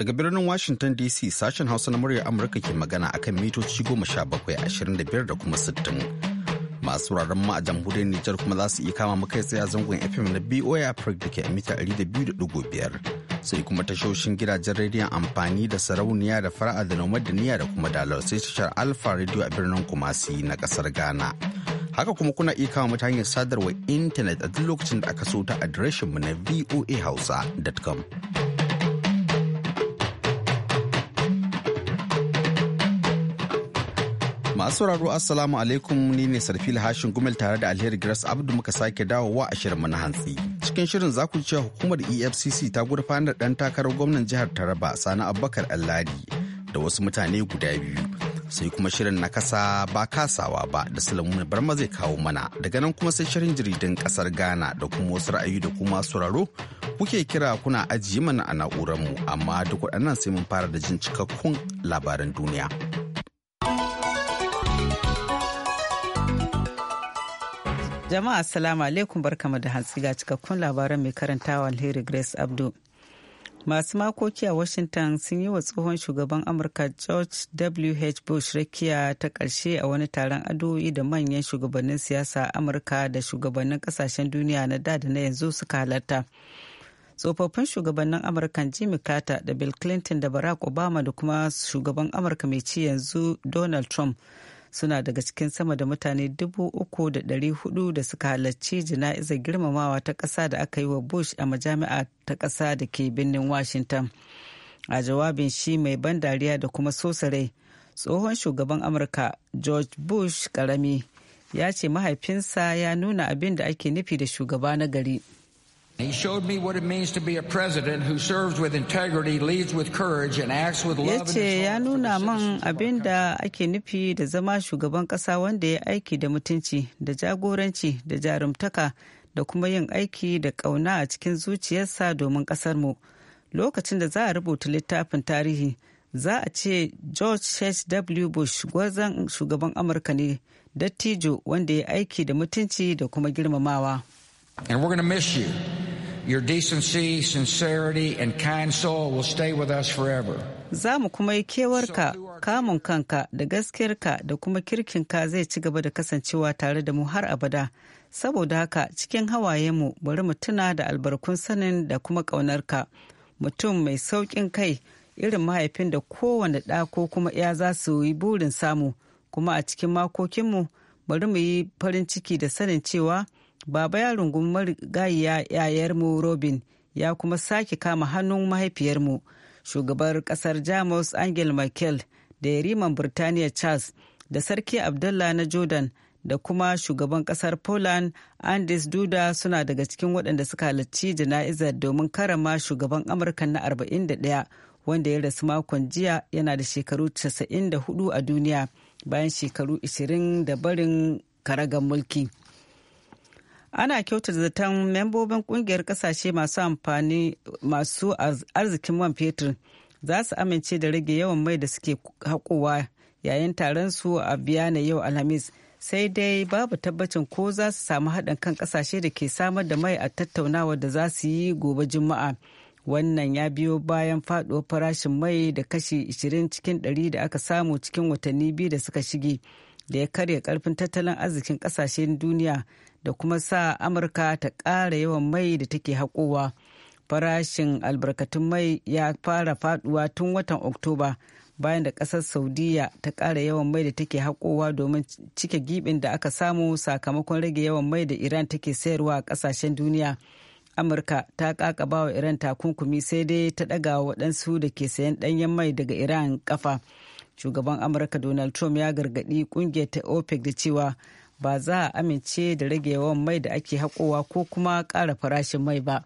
Daga birnin Washington DC sashen Hausa na murya Amurka ke magana a kan mitoci goma sha bakwai ashirin da biyar da kuma sittin. Masu wuraren ma a jamhuriyar Nijar kuma za su iya kama mu kai tsaye zangon FM na BOA Africa da ke a mita ɗari da biyu da ɗigo biyar. Sai kuma tashoshin gidajen rediyon amfani da sarauniya da fara'a da nomad da niyya da kuma dalar sai tashar Alfa Radio a birnin Kumasi na kasar Ghana. Haka kuma kuna iya kama mutane hanyar sadarwar intanet a duk lokacin da aka so ta adireshinmu na voahausa.com. Masu sauraro Assalamu alaikum ni ne Sarfil Hashin Gumel tare da Alheri Grace Abdu muka sake dawowa a shirinmu na hantsi. Cikin shirin za ku ji hukumar EFCC ta gurfanar da ɗan takarar gwamnan jihar Taraba Sani Abubakar Alladi da wasu mutane guda biyu. Sai kuma shirin na kasa ba kasawa ba da Sulaimu Barma zai kawo mana daga nan kuma sai shirin jaridan kasar Ghana da kuma wasu ra'ayi da kuma sauraro kuke kira kuna ajiye mana a na'urar mu amma duk waɗannan sai mun fara da jin cikakkun labaran duniya. Jama'a assalamu alaikum barkamu da hantsi ga cikakkun labaran mai karantawa alheri Grace Abdu. Masu makoki a Washington sun yi wa tsohon shugaban Amurka George w. h. Bush rakiya ta ƙarshe a wani taron addu'o'i da manyan shugabannin siyasa Amurka da shugabannin ƙasashen duniya na da da na yanzu suka halarta. tsofaffin shugabannin amurkan jimmy carter da bill clinton da barack obama da kuma shugaban amurka mai ci yanzu donald trump suna daga cikin sama da mutane dubu uku da ɗari hudu da suka halarci jana'izar girmamawa ta ƙasa da aka yi wa bush a majami'a ta ƙasa da ke birnin washington a jawabin shi mai ban dariya da kuma sosare tsohon shugaban amurka george bush karami ya ce mahaifinsa ya nuna abin da ake nufi da shugaba na gari. Ya ce ya nuna man abin da ake nufi da zama shugaban ƙasa wanda ya aiki da mutunci da jagoranci da jarumtaka da kuma yin aiki da ƙauna a cikin zuciyarsa domin ƙasarmu. Lokacin da za a rubuta littafin tarihi, za a ce George H.W. Bush gwazon shugaban Amurka ne, dattijo wanda ya aiki da mutunci da kuma girmamawa. And we're going to miss you. Your decency, sincerity, and kind soul will stay with us forever. Za mu kuma yi kewarka, kamun kanka da gaskiyarka da kuma kirkinka zai ci gaba da kasancewa tare da mu har abada. Saboda haka cikin hawayenmu bari mu tuna da albarkun sanin da kuma ƙaunarka. Mutum mai sauƙin kai irin mahaifin da kowane ɗa ko kuma ya za su yi burin samu. Kuma a cikin makokinmu bari mu yi farin ciki da sanin cewa baba ya rungumi marigayiya yayarmu robin ya kuma sake kama hannun mahaifiyarmu shugabar kasar jamus angel merkel da yariman birtaniya charles da sarki abdullah na jordan da kuma shugaban kasar poland andis duda suna daga cikin waɗanda suka halarci jana'izar domin karama shugaban amurka na 41 wanda ya rasu makon jiya yana da shekaru 94 a duniya bayan shekaru 20 da barin karagar mulki. ana kyautar zaton membobin kungiyar kasashe masu amfani masu arzikin man fetur za su amince da rage yawan mai da suke haƙowa yayin taron su a biya na yau alhamis sai dai babu tabbacin ko za su samu haɗin kan kasashe da ke samar da mai a tattaunawa da za su yi gobe juma'a wannan ya biyo bayan faɗuwar farashin mai da kashi 20 cikin 100 da aka samu cikin watanni biyu da suka shige da ya karya karfin tattalin arzikin kasashen duniya da kuma sa amurka ta ƙara yawan mai da take haƙowa farashin albarkatun mai ya fara faduwa tun watan oktoba bayan da ƙasar saudiya ta ƙara yawan mai da take haƙowa domin cike gibin da aka samu sakamakon rage yawan mai da iran take sayarwa a ƙasashen duniya amurka ta ƙaƙaba wa iran takunkumi sai dai ta ɗaga waɗansu da ke sayan ɗanyen mai daga iran ƙafa shugaban amurka donald trump ya gargaɗi ƙungiyar ta opec da cewa ba za a amince da rage yawan mai da ake haƙowa ko kuma ƙara farashin mai ba.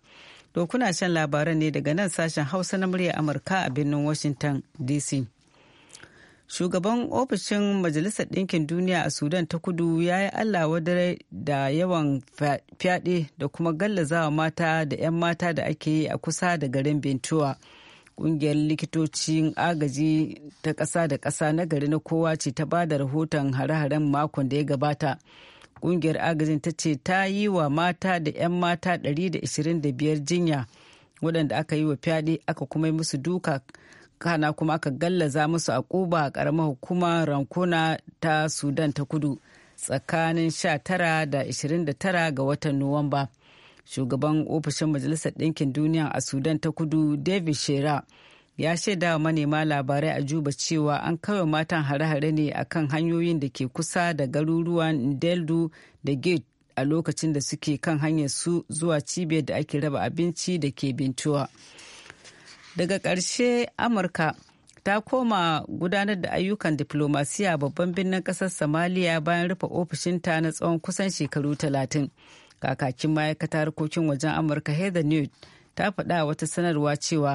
To kuna shan labaran ne daga nan sashen Hausa na murya Amurka a birnin Washington DC. Shugaban ofishin Majalisar Ɗinkin Duniya a Sudan ta kudu ya yi Allah wadare da yawan fyaɗe da kuma gallazawa mata da 'yan mata da ake yi a kusa da garin Bintuwa. Ƙungiyar likitocin agaji ta ƙasa da ƙasa na gari na kowa ce ta ba da rahoton hare-haren makon da ya gabata. Ƙungiyar agajin ta ce ta yi wa mata da 'yan mata 125 jinya waɗanda aka yi wa fyaɗe aka kuma yi musu duka kana kuma aka gallaza musu a ƙuba a ƙaramar hukuma rankuna ta Sudan ta kudu tsakanin 19 da 29 ga watan Nuwamba. shugaban ofishin majalisar ɗinkin duniya a sudan ta kudu david shera ya shaida wa manema labarai a juba cewa an kawai matan hare-hare ne a kan hanyoyin da ke kusa da garuruwan deldu da gate a lokacin da suke kan hanyar su zuwa cibiyar da ake raba abinci da ke bintuwa daga ƙarshe amurka ta koma gudanar da ayyukan diplomasiya babban birnin ƙasar somaliya bayan rufe ofishinta na tsawon kusan shekaru talatin kakakin ma'aikata harkokin wajen amurka heather newt ta faɗa wata sanarwa cewa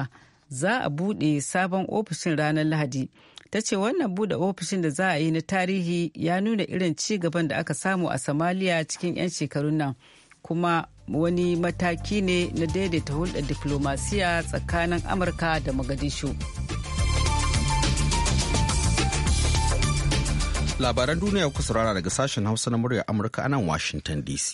za a buɗe sabon ofishin ranar lahadi ta ce wannan buɗe ofishin da za a yi na tarihi ya nuna irin ci gaban da aka samu a somalia cikin 'yan shekarun nan kuma wani mataki ne na daidaita hulɗar diflomasiya tsakanin amurka da magadishu labaran duniya kusa rana daga sashen hausa na murya amurka a nan washington dc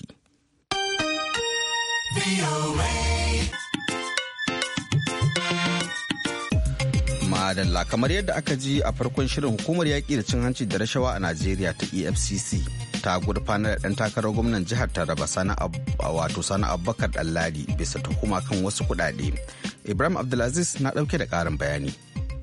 Madalla kamar yadda aka ji a farkon shirin hukumar yaƙi da cin hanci da rashawa a Najeriya ta EFCC ta gurfanar da ɗan takarar gwamnan jihar Taraba wato sana Abubakar Ɗanladi bisa tuhuma kan wasu kuɗaɗe. Ibrahim Abdulaziz na ɗauke da ƙarin bayani.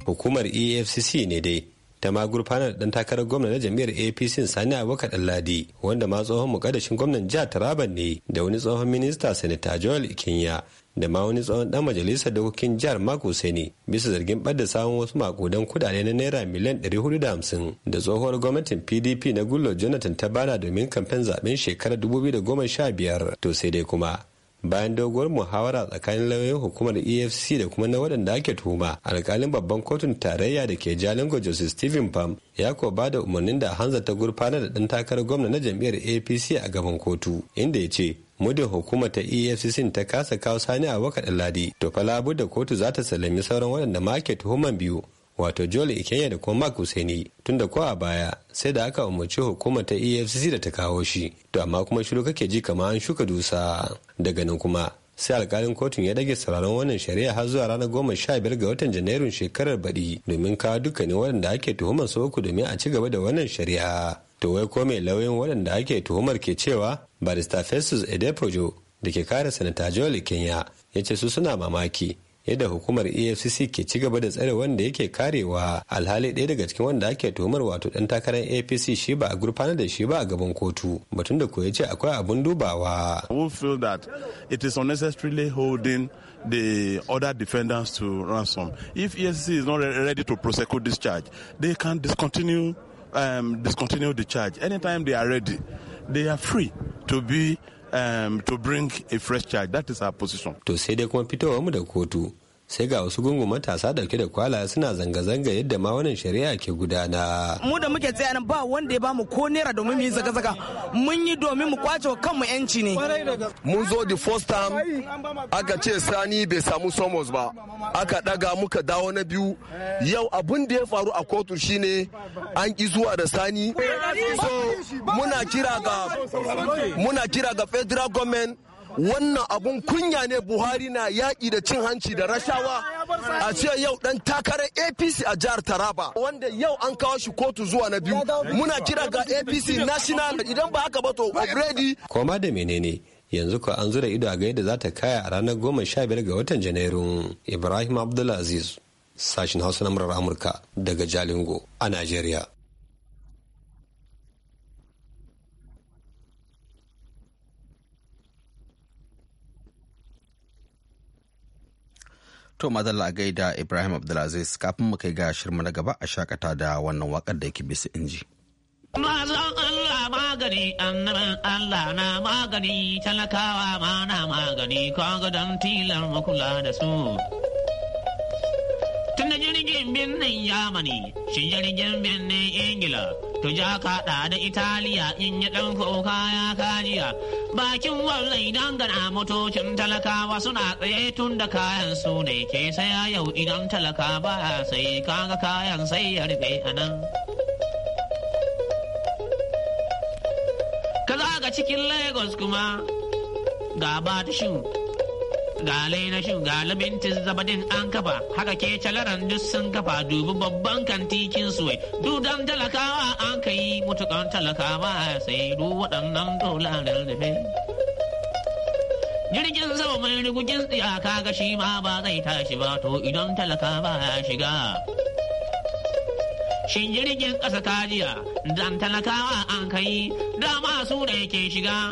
Hukumar EFCC ne dai ta ma gurfanar dan takarar gwamna na jami'ar apc sani abubakar ladi wanda ma tsohon mukaddashin gwamnan jihar taraba ne da wani tsohon minista sanita joel ikinya da ma wani tsohon dan majalisar dokokin jihar mako sani bisa zargin ɓadda samun wasu makudan kudade na naira miliyan 450 da tsohuwar gwamnatin pdp na gullo jonathan ta bana domin kamfen zaben shekarar 2015 to sai dai kuma bayan doguwar muhawara tsakanin lauyoyin hukumar efcc da kuma na waɗanda ake tuhuma alkalin babban kotun tarayya da ke jalingo joseph stephen pam ya ko ba da umarnin da hanza ta gurfana da ɗan takarar gwamna na jam'iyyar apc a gaban kotu inda ya ce muddin hukumar ta efcc ta kasa kawo sani a wakaɗin ladi to fa labu da kotu za ta sallami sauran waɗanda ma ke tuhuman biyu wato joel ikenya da kuma mark husaini tun da a baya sai da aka umarci hukumar ta efcc da ta kawo shi to amma kuma shiru kake ji kamar an shuka dusa daga nan kuma sai alkalin kotun ya dage sauraron wannan shari'a har zuwa ranar goma sha biyar ga watan janairun shekarar baɗi domin kawo dukkanin waɗanda ake tuhumar su uku domin a ci gaba da wannan shari'a to wai ko mai lauyin waɗanda ake tuhumar ke cewa barista festus edepojo da ke kare sanata joel kenya ya ce su suna mamaki yadda hukumar efcc ke ci gaba da tsare wanda yake karewa alhali ɗaya daga cikin wanda ake tuhumar wato ɗan takarar apc shi ba a gurfanar da shi ba a gaban kotu batun da koya ce akwai abun dubawa we feel that it is unnecessarily holding the other defendants to ransom if efcc is not ready to prosecute this charge they can discontinue um, discontinue the charge anytime they are ready they are free to be um, to bring a fresh charge. That is our position. To say the computer fitowar mu da kotu sai ga wasu gungun matasa dauke da kwala suna zanga-zanga yadda ma wannan shari'a ke gudana. Mu da muke tsaye ba wanda ya ba mu ko naira domin mu yi zaka-zaka mun yi domin mu kwace wa kanmu yanci ne. Mun zo the first time aka ce sani bai samu somos ba aka daga muka dawo na biyu yau abun da ya faru a kotu shine an ki zuwa da sani so muna kira ga muna kira ga federal government wannan abun kunya ne buhari na yaƙi da cin hanci da rashawa a ce yau dan takarar apc a jihar taraba wanda yau an kawo shi kotu zuwa na biyu muna kira ga apc national idan ba haka ba to already koma da menene yanzu ko an zura ido a ga yadda za ta kaya a ranar goma sha biyar ga watan janairu ibrahim abdulaziz sashin hausa na murar amurka daga jalingo a nigeria. To madalla gaida Ibrahim Abdulaziz kafin mu kai ga shirma na gaba a shakata da wannan wakar da yake bisa inji. Mazan Allah magani, annabin Allah na magani, talakawa ma na magani, kaga don tilar makula da su. Tun da jirgin birnin Yamani, shi jirgin birnin Ingila, to ja kaɗa da Italiya in yi ɗan kaya kajiya. bakin wannan idan gana motocin talakawa suna tsaye tun da kayan su ne ke saya yau idan talaka ba sai kaga kayan sai ya rufe a nan. Ka ga cikin Lagos kuma ga ba ga na shin ga labintin zabadin an kafa haka ke calaran duk sun kafa dubi babban kantikin suwai dudan talakawa an ka yi mutukan talakawa sai du waɗannan dolarar da jirgin sama mai rigugin ka ga shi ma ba zai tashi ba to idan talakawa ya shiga Shin jirgin ƙasa ta jiya, dan talakawa an kai, dama su da yake shiga,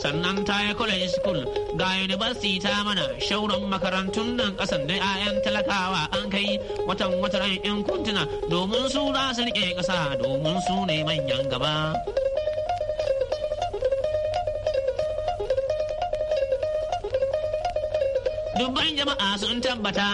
sannan ta yi kula iskul ga university ta mana shauran makarantun nan kasan da 'ya'yan talakawa an kai watan watan yan kuntuna domin su za su riƙe ƙasa domin su ne manyan gaba dubban jama'a sun tabbata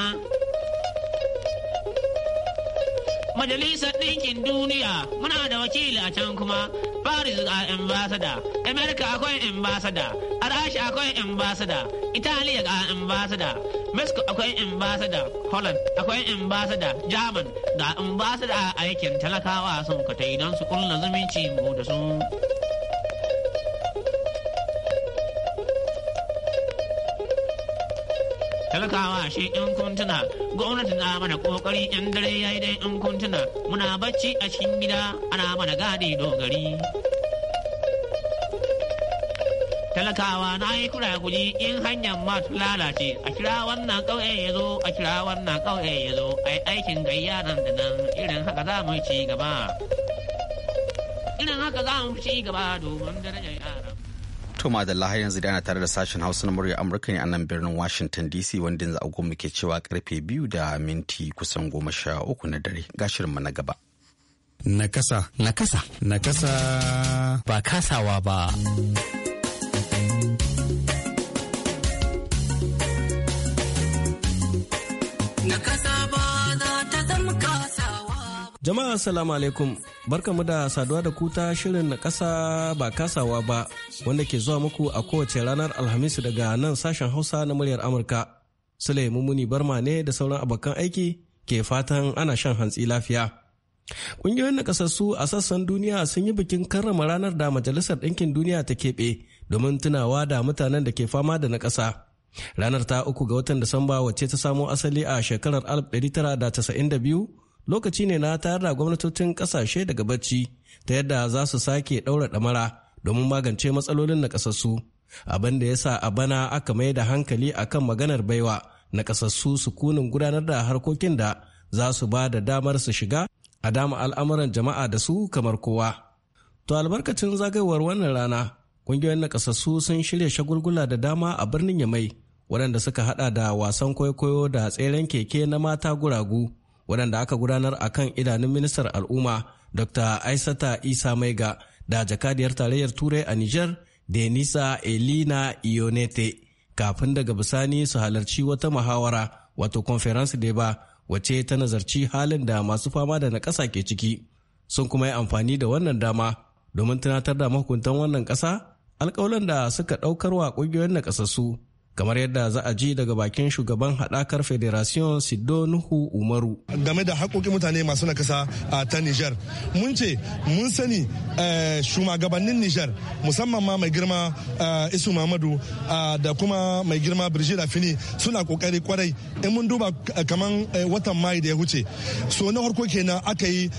majalisar ɗinkin duniya muna da wakili a can kuma Paris a uh, ambassador, America akwai ambassador, Arashi akwai ambassador, Italiya a uh, ambassador, Mexico akwai ambassador, Holland akwai ambassador, German ga ambassador a aikin talakawa sun katai idan su kulla zumunci mu da su. talakawa shi in kuntuna gwamnati na mana kokari yan dare yayi dai in kuntuna muna bacci a cikin gida ana mana gadi dogari talakawa na yi kura guji in hanyar ma lalace a kira wannan ƙauye ya zo a kira wannan ƙauye ya zo a yi aikin gayya nan da nan irin haka za mu ci gaba irin haka za mu ci gaba domin darajar To madalla har yanzu da ana tare da sashen Hausa na murya Amurka ne a nan birnin Washington DC wanda yanzu agogo muke cewa karfe biyu da minti kusan goma sha uku na dare gashirinmu na gaba. Nakasa. Nakasa. Nakasa. Ba kasawa ba. Nakasa. Jama'a salamu alaikum barkamu da saduwa da kuta shirin na ƙasa ba kasawa ba wanda ke zuwa muku a kowace ranar Alhamis daga nan sashen Hausa na muryar Amurka. Sule Mumuni Barma ne da sauran abokan aiki ke fatan ana shan hantsi lafiya. Ƙungiyoyin nakasassu a sassan duniya sun yi bikin karrama ranar da Majalisar Ɗinkin Duniya ta keɓe domin tunawa da mutanen da ke fama da nakasa. Ranar ta uku ga watan Disamba wacce ta samo asali a shekarar 1992 lokaci ne na tayar da gwamnatocin kasashe daga bacci ta yadda za su sake ɗaura ɗamara domin magance matsalolin nakasassu abin da ya sa a bana aka mai da hankali akan maganar baiwa su kunin gudanar da harkokin da za su ba da damar su shiga a dama al'amuran jama'a da su kamar kowa to albarkacin zagayowar wannan rana kungiyoyin nakasassu sun shirya shagulgula da dama a birnin yamai waɗanda suka hada da wasan kwaikwayo da tseren keke na mata guragu waɗanda aka gudanar a kan idanun ministar al'umma dr aisata isa maiga da jakadiyar tarayyar turai a niger denisa elina ionete kafin daga bisani su halarci wata muhawara wato conference de ba wace ta nazarci halin da masu fama da na ƙasa ke ciki sun kuma yi amfani da wannan dama domin tunatar da mahukuntan wannan ƙasa alƙawalan da suka ɗaukar wa ƙungiyoyin na ƙasassu kamar yadda za a ji daga bakin shugaban haɗakar federation sido nuhu umaru game da haƙoƙin mutane masu nakasa a ta niger mun ce mun sani eh, shugabannin niger musamman ma mai girma eh, isu mamadu da kuma mai girma birjida fini suna ƙoƙari kwarai in mun duba eh, kamar watan mayu da ya wuce so na harko kenan aka yi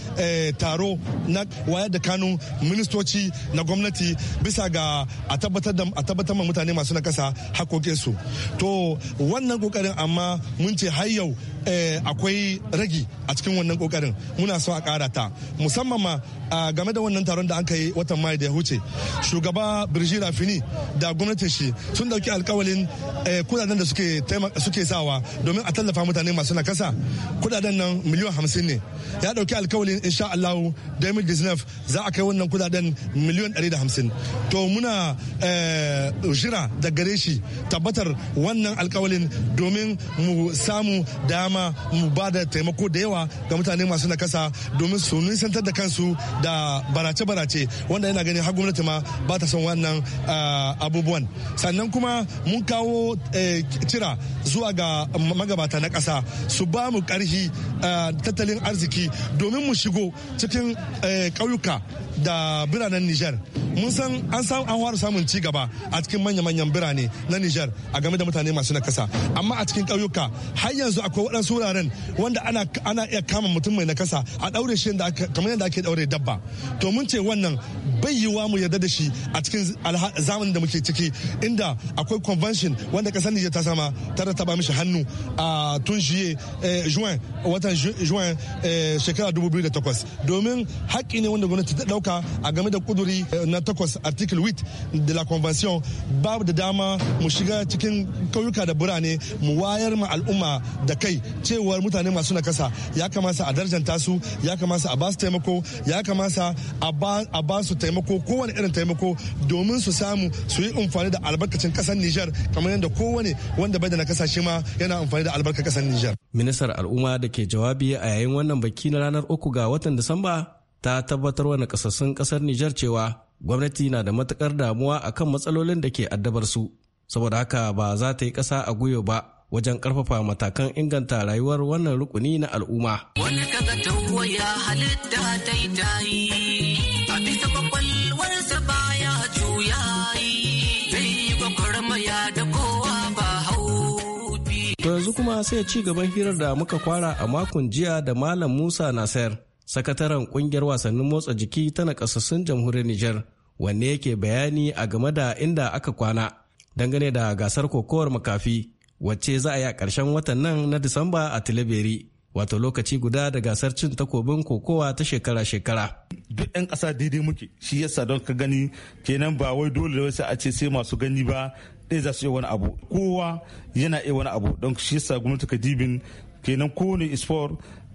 taro na wayar da kanu ministoci na gwamnati bisa ga a tabbatar da mutane masu nakasa haƙoƙinsu to wannan kokarin amma mun ce har yau Eh, akwai ragi a cikin wannan kokarin muna so a kara ta musamman ma game da wannan taron da an kai watan mai da ya huce shugaba birjira rafini da gwamnatin shi sun dauki alkawalin eh, kudaden da suke sawa domin a tallafa mutane masu nakasa kudaden nan miliyan hamsin ne ya dauki alkawalin insha allahu damir disnef za a kai wannan kudaden miliyan ɗari da hamsin to muna eh, jira da gare shi tabbatar wannan alkawalin domin mu samu da dama mu ba da taimako da yawa ga mutane masu nakasa domin su nisantar da kansu da barace-barace wanda yana gani har gwamnati ma ba ta son wannan ah, abubuwan sannan kuma mun kawo cira eh, zuwa ga magabata na ƙasa su ba mu karhi ah, tattalin arziki domin mu shigo cikin eh, ƙauyuka da biranen Nijar mun san an samu an waru samun ci gaba a cikin manya-manyan birane na Nijar a game da mutane masu nakasa amma a cikin ƙauyuka har yanzu akwai waɗansu wuraren wanda ana ana iya kama mutum mai nakasa a ɗaure shi kamar yadda ake ɗaure dabba to mun ce wannan bai wa mu yarda da shi a cikin zamanin da muke ciki inda akwai convention wanda ƙasar Nijar ta sama ta rataba mishi hannu a tun juye eh, juin watan juin eh, shekara 2008 domin haƙƙi ne wanda gwamnati ta ɗauka haka a game da kuduri eh, na takwas article 8 da la convention babu da dama mu shiga cikin kauyuka da birane mu wayar ma al'umma da kai cewar mutane masu nakasa ya kamata a darjanta su ya kamata a basu taimako ya kamata a basu taimako kowane irin taimako domin su samu su yi amfani da albarkacin kasar Nijar kamar yadda kowane wanda bai da nakasa shi ma yana amfani da albarkar kasar Nijar. Ministar al'umma da ke jawabi a yayin wannan baki na ranar uku ga watan Disamba ta tabbatar wa nakasassun kasar Nijar cewa gwamnati na da matukar damuwa a kan matsalolin da ke addabar su saboda haka ba za ta yi ƙasa a gwiwa ba wajen karfafa matakan inganta rayuwar wannan rukuni na al'umma. Wani kaga tawaya halitta daidai a bisa kwakwalwarsa baya juya yi da kowa ba To yanzu kuma sai ci gaban hirar da muka kwara a makon jiya da Malam Musa Nasir. sakataren kungiyar wasannin motsa jiki ta nakasassun jamhuriyar Nijar wanne yake bayani a game da inda aka kwana dangane da gasar kokowar makafi wacce za a yi a ƙarshen watan nan na Disamba a Tilaberi wato lokaci guda da gasar cin takobin kokowa ta shekara-shekara. Duk 'yan ƙasa daidai muke shi yasa don ka gani kenan ba wai dole wasu a ce sai masu gani ba ɗaya za su iya wani abu kowa yana iya wani abu don shi yasa gwamnati ka dibin kenan kowane sport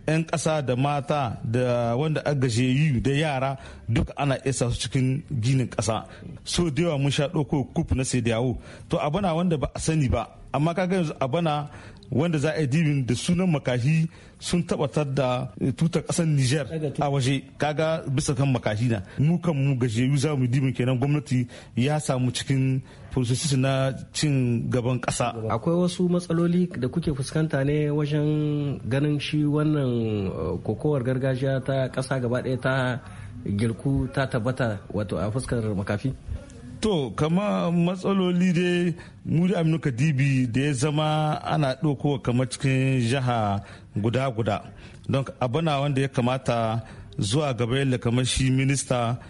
'yan ƙasa da mata da wanda agaje yi da yara duk ana isa su cikin ginin ƙasa so da yawa mun sha ɗauko kuf na sai da to abana wanda ba a sani ba amma kaga yanzu abana wanda za a yi dibin da sunan makashi sun tabbatar da eh, tutar kasar Niger a waje kaga bisa kan makashi na mu kan mu gajeyu za mu dibin kenan gwamnati ya samu cikin processes na cin gaban ƙasa. Akwai wasu matsaloli da kuke fuskanta ne wajen ganin shi wannan uh, kokowar gargajiya ta ƙasa gaba ɗaya ta girku ta tabbata wato a fuskar makafi? To, kama matsaloli dai muri Aminu Kadibi da ya zama ana ɗaukowa kamar cikin jiha guda-guda. Don abana wanda ya kamata zuwa gaba yadda kamar shi minista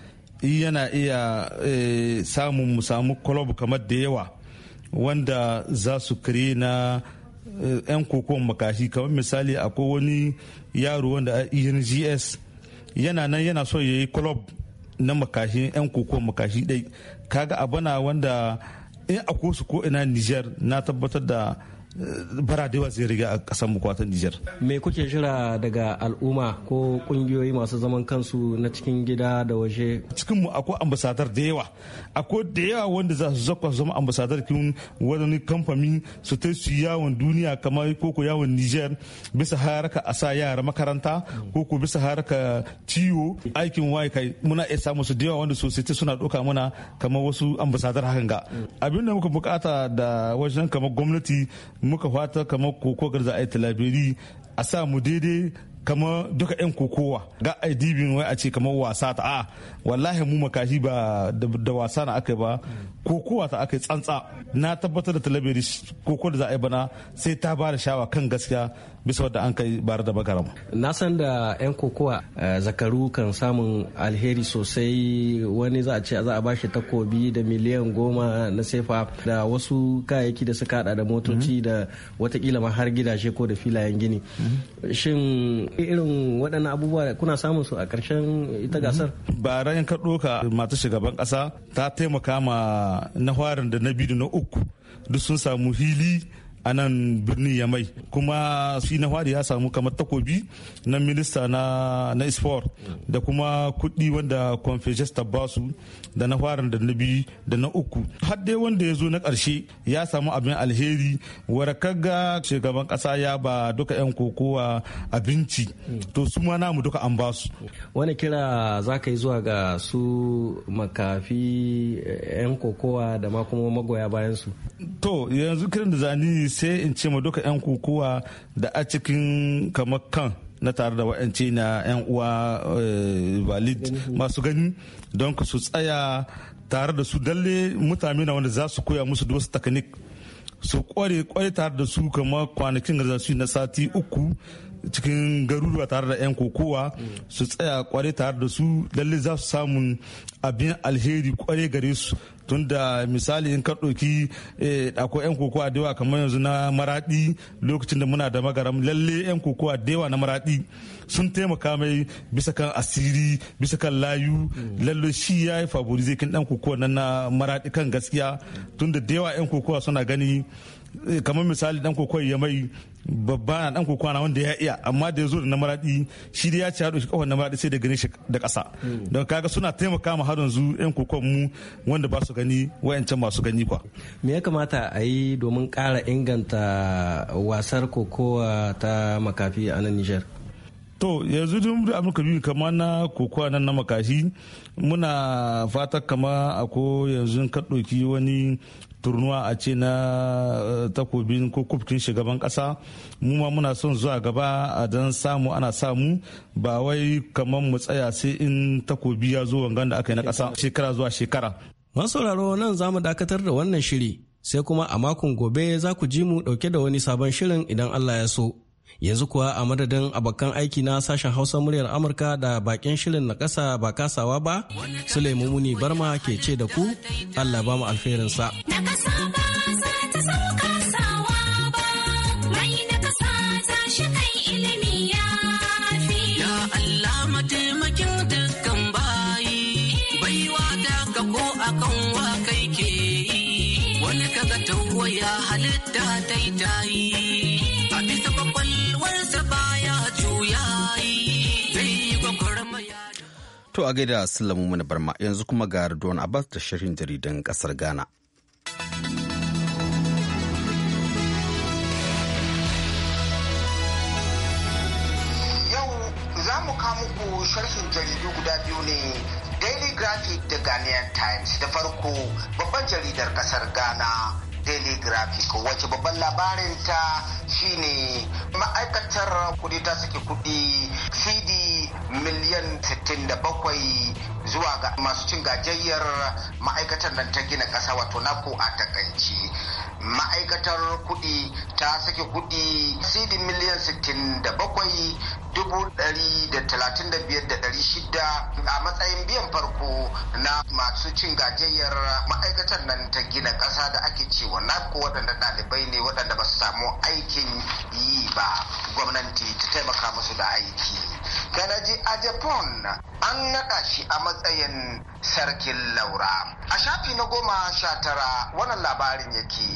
yana iya eh, samun mu samu club kamar da yawa wanda za su kire na eh, 'yan kokon makashi kamar misali akwai wani yaro wanda a gs yana nan yana so ya yi club na makashi 'yan kokon makashi dai kaga abana wanda in a su ko ina niger na tabbatar da bara da yawa zai riga a ƙasar mu kwatan Nijar. Me kuke jira daga al'umma ko ƙungiyoyi masu zaman kansu na cikin gida da waje? Cikin mu akwai ambasadar da yawa. Akwai da yawa wanda za su zakwa zama ambasadar kin wani kamfani su ta su yawon duniya kamar koko yawon Nijar bisa haraka a sa yara makaranta ko bisa haraka ciwo aikin waye kai muna iya samu su da yawa wanda sosai suna ɗauka muna kamar wasu ambasadar hakan ga. Abin da muka bukata da wajen kamar gwamnati muka fata kamar koko za a yi talabiri a sa mu daidai kamar duka 'yan kokowa ga dibin wai a ce kamar wasa ta a wallahi mu makashi ba da wasa na aka ba kokowa ta aka tsantsa na tabbatar da talabiri koko da za a yi bana sai ta ba da shawa kan gaskiya bisa wadda an kai bar da bakarama na san da 'yan kokowa eh, zakaru kan samun alheri sosai wani za a ce za a bashi takobi da miliyan goma na sefa da wasu kayayyaki da suka hada da motoci da watakila ma har gidaje ko da filayen gini mm-hmm. shin irin waɗannan abubuwa kuna samun su a ƙarshen ita gasar ba ran ka ɗoka mata shugaban ƙasa ta taimaka ma na farin da na biyu da na uku duk sun samu hili a nan birnin mai kuma shi na ya samu kamar takobi na minista na na sport da kuma kuɗi wanda confessions ta basu da na fara da na biyu da na uku har dai wanda ya zo na ƙarshe ya samu abin alheri warakaga shugaban ƙasa ya ba duka 'yan kokowa abinci to su ma namu duka an ba su. wani kira za ka yi zuwa ga su makafi 'yan kokowa da ma kuma magoya bayan su to yanzu kiran da zani sai in ce ma duka 'yan kukuwa da a cikin kamar kan na tare da wa'ance na 'yan uwa valid eh, masu gani don su tsaya tare da su dalle mutane na wanda za su koya musu da wasu takanik su kware kware tare da su kama kwanakin da za su yi na sati uku cikin garuruwa tare da 'yan kokowa su tsaya kware tare da su lalle za su samun abin alheri kware gare su tunda misali in ɗauki eh, akwai 'yan kokowa dewa kamar yanzu na maraɗi lokacin da muna da magaram lalle 'yan kokowa da yawa na maraɗi sun taimaka mai bisa kan asiri bisa kan layu lalle shi ya yi favorize kin ɗan kokowa na maraɗi kan gaskiya tunda da 'yan kokowa suna gani kamar misali dan kokoi ya mai babba na dan kokwana wanda ya iya amma da ya zo da na shi da ya ci haɗo shi kawai na maradi sai da gani shi da ƙasa don kaga suna taimaka ma har yanzu yan kokon mu wanda ba su gani wayancan masu gani kwa me ya kamata a yi domin ƙara inganta wasar kokowa ta makafi a nan Nijar to yanzu dun da amurka biyu kamar na kokowa nan na makafi muna fata kama ako yanzu ka ɗauki wani turnuwa a ce na eh, takobin ko kubkin shugaban kasa mu ma muna son zuwa gaba a don samu ana samu ba wai kamar mu tsaya sai in takobi ya zo wangan da aka yi na kasa shekara zuwa shekara sauraro nan za mu dakatar da wannan shiri sai kuma a makon gobe za ku ji mu dauke da wani sabon shirin idan allah ya so yanzu kuwa a madadin abokan aiki na sashen hausa muryar amurka da bakin shirin na kasa ba kasawa ba sulaimu muni barma ke ce da ku allah ba mu alherinsa Wani halitta tawaya halitta daidai a bisa To a gaida Sallamu mana barma yanzu kuma ga Ridwan Abbas da shirin jaridan kasar Ghana. Yau za mu muku sharhin jaridu guda biyu ne Daily Graphic da Ghanaian Times da farko babban jaridar kasar Ghana. daily graphic wacce babban labarin ta shine ma'aikatar kudi ta saki kudi cd miliyan 67 zuwa ga masu cin gajayyar ma'aikatar nan ta gina ƙasa wato nako a takaici ma'aikatar kuɗi ta sake kuɗi sidi miliyan 67 a matsayin biyan farko na masu cin gajiyar ma'aikatar nan ta gina ƙasa da ake cewa na ko waɗanda ɗalibai ne waɗanda ba su samu aikin yi ba gwamnati ta taimaka musu da aiki da na je a japan an naɗa shi a matsayin sarkin laura a shafi na goma sha tara wannan labarin yake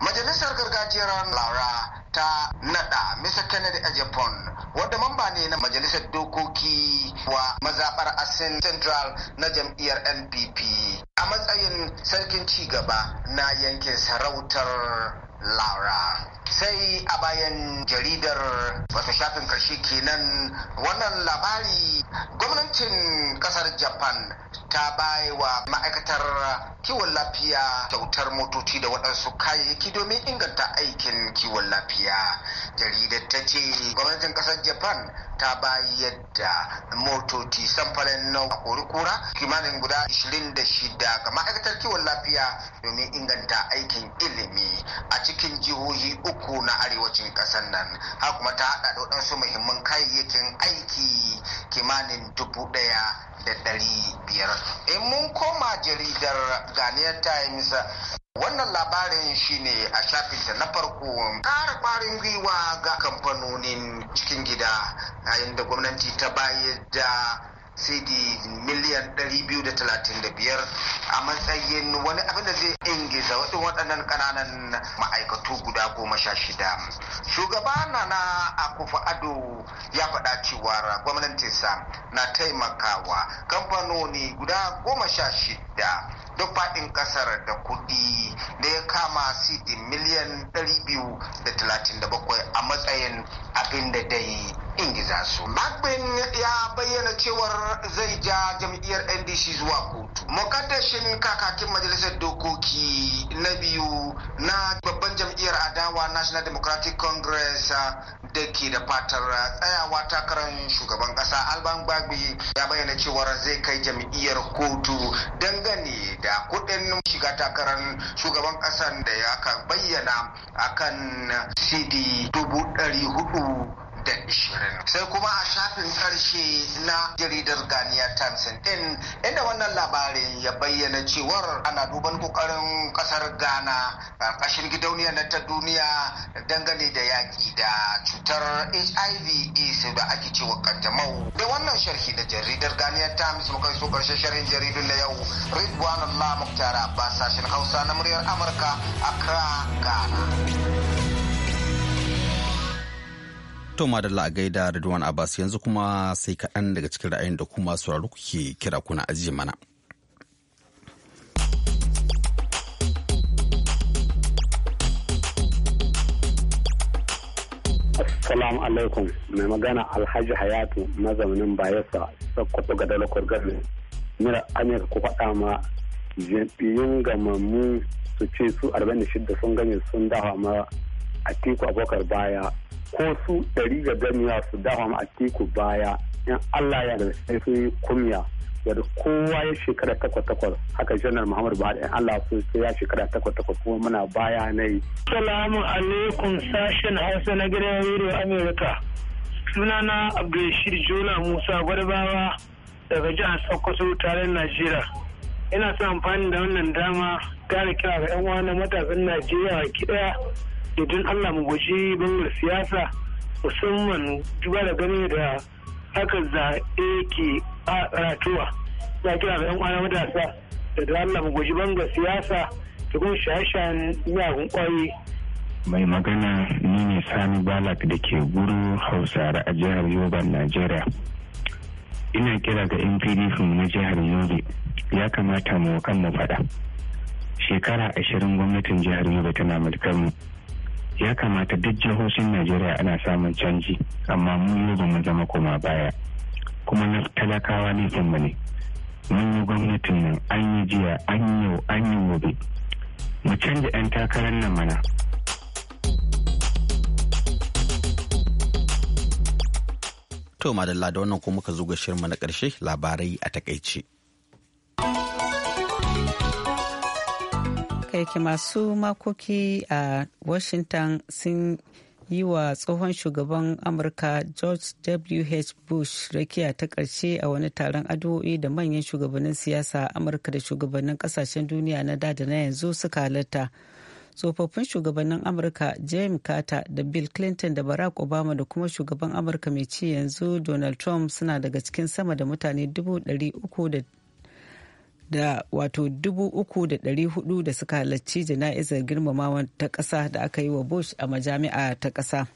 majalisar gargajiyar laura ta naɗa Mr. Kennedy a Japan wadda mamba ne na majalisar dokoki wa mazabar asin central na jam'iyyar NPP a matsayin sarkin cigaba na yankin sarautar Laura. Sai a bayan jaridar wato shafin karshe kenan wannan labari gwamnatin kasar Japan ta bawa wa ma'aikatar kiwon lafiya kyautar motoci da waɗansu kayayyaki domin inganta aikin kiwon lafiya. Jaridar ta ce gwamnatin kasar Japan ta bayar da motoci samfarin na kura kimanin guda 26 ga ma'aikatar kiwon lafiya domin inganta aikin ilimi a cikin jihohi uku na arewacin kasar nan har kuma ta haɗa da waɗansu muhimman kayayyakin aiki kimanin dubu ɗaya da ɗari biyar in eh, mun koma jaridar ghanaian times Wannan labarin shine a shafinta na farko ƙara ƙwarin gwiwa ga kamfanonin cikin gida yayin da gwamnati ta bayar da sidi miliyan 235 a matsayin wani abin da zai ingiza waɗannan ƙananan ma'aikatu guda goma sha shida shugaba na akufa ado ya faɗa cewa gwamnatinsa na taimakawa kamfanoni guda goma sha shida duk faɗin ƙasar da kuɗi da ya kama sidi miliyan 237 a matsayin abin da dai ingiza su. Magbin ya bayyana cewar zai ja jam'iyyar NDC zuwa kotu. Mukaddashin kakakin majalisar dokoki na biyu na babban jam'iyyar adawa National Democratic Congress da ke da fatar tsayawa takarar shugaban kasa alban gbagbe ya bayyana cewar zai kai jam'iyyar kotu dangane da kuɗin shiga takarar shugaban kasan da ya bayyana akan cd dubu da ishirin sai kuma a shafin karshe na jaridar Ghaniya Times din inda wannan labarin ya bayyana cewar ana duban kokarin kasar Ghana karkashin gidauniya na ta duniya dangane da yaƙi da cutar HIV AIDS da ake cewa kanjamau da wannan sharhi da jaridar Ghaniya Times muka so karshen sharhin jaridun na yau Ridwan Allah Muktara ba sashen Hausa na muryar Amurka Accra Ghana. To madalla a gaida Ridwan Abbas yanzu kuma sai kaɗan daga cikin ra'ayin da kuma sauraro kuke kira kuna ajiye mana. asalamu alaikum mai magana Alhaji Hayatu mazaunin Bayelsa Sokoto ga dalakar gami. Mira Amir ku faɗa ma jam'iyyun gamammu su ce su 46 sun gani sun dawa ma a tiku Abokar baya ko su ɗari ga ganiya su dama a teku baya in allah ya da sai su yi kumya yadda kowa ya shekara takwas takwas haka janar muhammadu buhari in allah su sai ya shekara takwas takwas kuma muna baya na yi. salamu alaikum sashen hausa na gidan rediyo suna sunana abdulshir jola musa gwarbawa daga jihar sokoto tare najeriya ina son amfani da wannan dama gane kira ga yan wani matasan najeriya ki daya idan allah mu guji bangar siyasa musamman duba da gani da haka zaɓe ke a ratuwa ya kira ga 'yan kwana matasa da allah mu guji bangar siyasa da kuma shaye-shayen miyagun mai magana ni ne sani balak da ke guru hausare a jihar yoruba najeriya ina kira ga yan pdp na jihar yobe ya kamata mu kan mu faɗa shekara ashirin gwamnatin jihar yobe tana mulkar mu ya kamata duk jihohin najeriya ana samun canji amma mu yi mu zama koma baya kuma na talakawa ne mu ne mun yi gwamnatin nan an yi jiya an yi an yi gobe mu canja 'yan takarar nan mana to madalla da wannan kuma muka zo ga shirma na ƙarshe labarai a takaice haka yake masu makoki a washington sun yi wa tsohon shugaban amurka george w. h. bush rakiya ta karshe a wani taron addu'o'i da manyan shugabannin siyasa amurka da shugabannin kasashen duniya na da da na yanzu suka halatta tsofaffin shugabannin amurka james carter da bill clinton da barack obama da kuma shugaban amurka mai ci yanzu donald trump suna daga cikin sama da mutane dubu ɗari uku da da wato dubu uku da dari hudu da suka halarci jana'izar girmamawa ta kasa da aka yi wa bush a majami'a ta kasa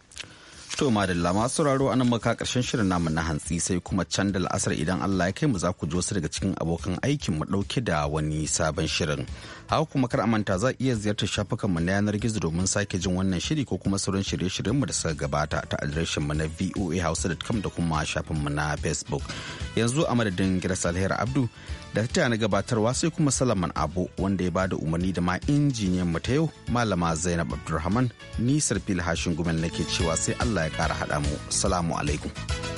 to madalla masu sauraro anan maka karshen shirin namu na hantsi sai kuma can da la'asar idan allah ya kai mu za ku ji wasu daga cikin abokan aikin mu ɗauke da wani sabon shirin haka kuma kar manta za iya ziyartar shafukan mu na yanar gizo domin sake jin wannan shiri ko kuma sauran shirye-shiryen mu da suka gabata ta adireshin mu na hausa da kuma shafin mu na facebook yanzu a madadin gidan salihar abdu da ta na gabatarwa sai kuma salaman abu wanda ya bada umarni da ma injiniyan mu ta yau malama zainab abdulrahman nisar fili hashin gumel nake cewa sai allah ya kara haɗa mu salamu alaikum